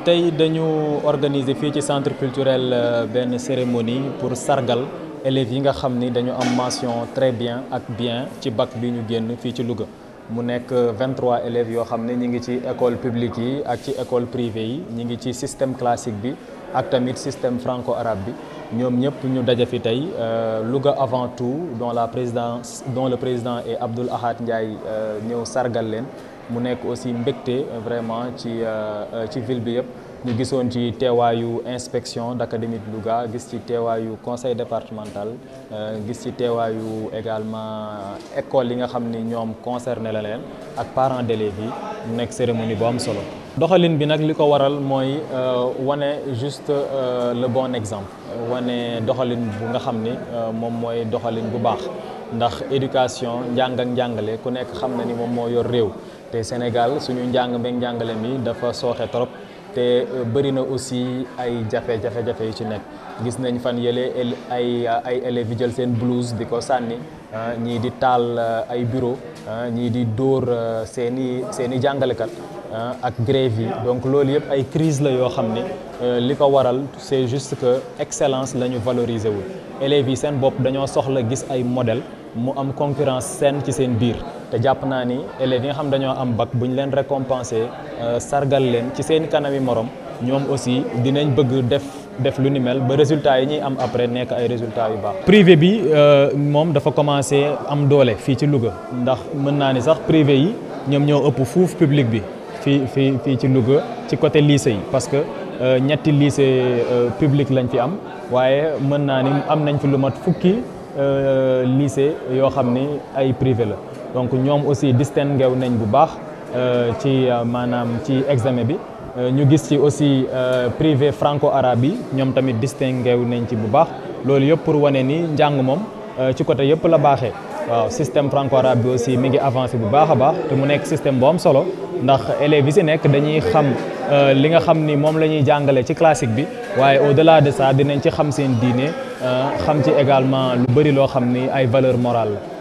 Tay dañu organiser ici, ci centre culturel ben cérémonie pour sargal élèves yi nga xam nous dañu am mention très bien ak bien ci bac bi ñu génn fi ci Louga mu nekk 23 euh, élèves yo xam ñi ngi ci école publique yi ak ci école privée yi ñi ngi ci système classique bi ak tamit système franco arabe bi ñom ñep ñu dajja fi tay euh, Louga avant tout dont la présidence dont le président est Abdul Ahad Ndiaye ñew sargal leen mu nekk aussi mbégte euh, vraiment ci euh, euh, ci ville bi yëpp ñu gisoon ci inspection d'académie de Louga conseil départemental gis ci également école nga la parents d'élèves mu cérémonie bu am solo. doxalin bi juste le bon exemple wane doxalin bu nga doxalin Sénégal suñu njàng meeg des mi dafa nous. trop te euh, bëri aussi ay jafé jafé jafé ci gis nañ fan ay ay élèves des di ah, des euh, ay bureau ah, ñi di des euh, ah, donc loolu ay crise c'est juste que excellence la valoriser wu élèves yi en train dañoo soxla gis ay modèle mu am concurrence saine ci sen bir te jàpp naa ni élèves yi nga xam dañoo am bac bu ñu leen récompenser euh, sargal leen ci seen kanami morom ñoom aussi dinañ bëgg def def lu ni mel ba résultat yi ñuy am après nekk ay résultats yu baax. privé bi euh, moom dafa commencé am doole fii ci Louga ndax mën naa ni sax privé yi ñoom ñoo ëpp fuuf public bi fii fii fii ci Louga ci côté lycée yi parce que euh, ñetti lycée public lañ fi am waaye mën naa ni am nañ fi lu mat fukki lycée yoo xam ni ay privé la. donc ñom aussi distingué ngew nañ bu baax euh ci euh, manam ci examen bi euh, ñu gis ci aussi euh, privé franco arabe ñom tamit distingué ngew nañ ci bu baax loolu yëpp pour wone ni jang mom ci côté yëpp la baxé waaw système franco arabe aussi mi ngi avancer bu baaxa baax te mu nek système bo am solo ndax élèves yi nek dañuy xam li nga xam ni mom lañuy jangalé ci classique bi waye au delà de ça dinañ ci xam seen diiné xam ci également lu bari lo xam ni ay valeur morale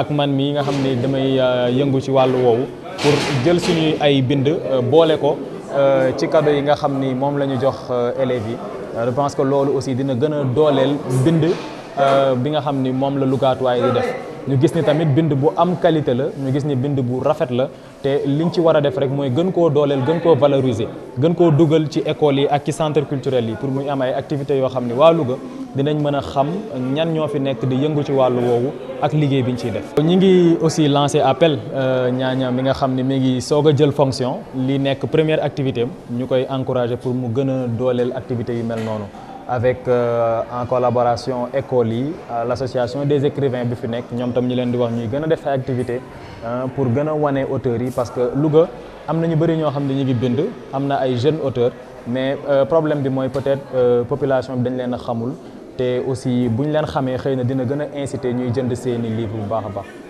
ak man mii nga xam ne damay euh, yëngu ci wàllu woowu pour jël suñuy ay bind euh, boole ko euh, ci cadeau yi nga xam ni moom la ñu jox élèves yi je pense que loolu aussi dina gën a dooleel bind bi nga xam ni moom la Lougatois yi di def ñu gis ni tamit bind bu am qualité la ñu gis ni bind bu rafet la te li ñu ci war a def rek mooy gën koo dooleel gën koo valoriser gën koo dugal ci école yi ak ci centre culturel yi pour muy am ay activités yoo xam ni waa Louga dinañ mën xam ñan ñoo fi nekk di yëngu ci walu woowu ak liggéey biñ ñu ciy def. ñi ngi aussi lancé appel euh, ñaña mi nga xam ne mi ngi soog a jël fonction li nekk première activité am ñu koy encouragé pour mu gën a dooleel activités yu mel noonu avec euh, en collaboration école yi l' association des écrivains bi fi nekk ñoom tam ñu leen di wax ñuy gën a def ay activité euh, pour gën a wane auteurs yi parce que Louga am na ñu bëri ñoo xam ne ñu ngi bind am na ay jeunes auteurs mais problème bi mooy peut-être population bi dañ leen a xamul. Et aussi si ñu leen inciter ñuy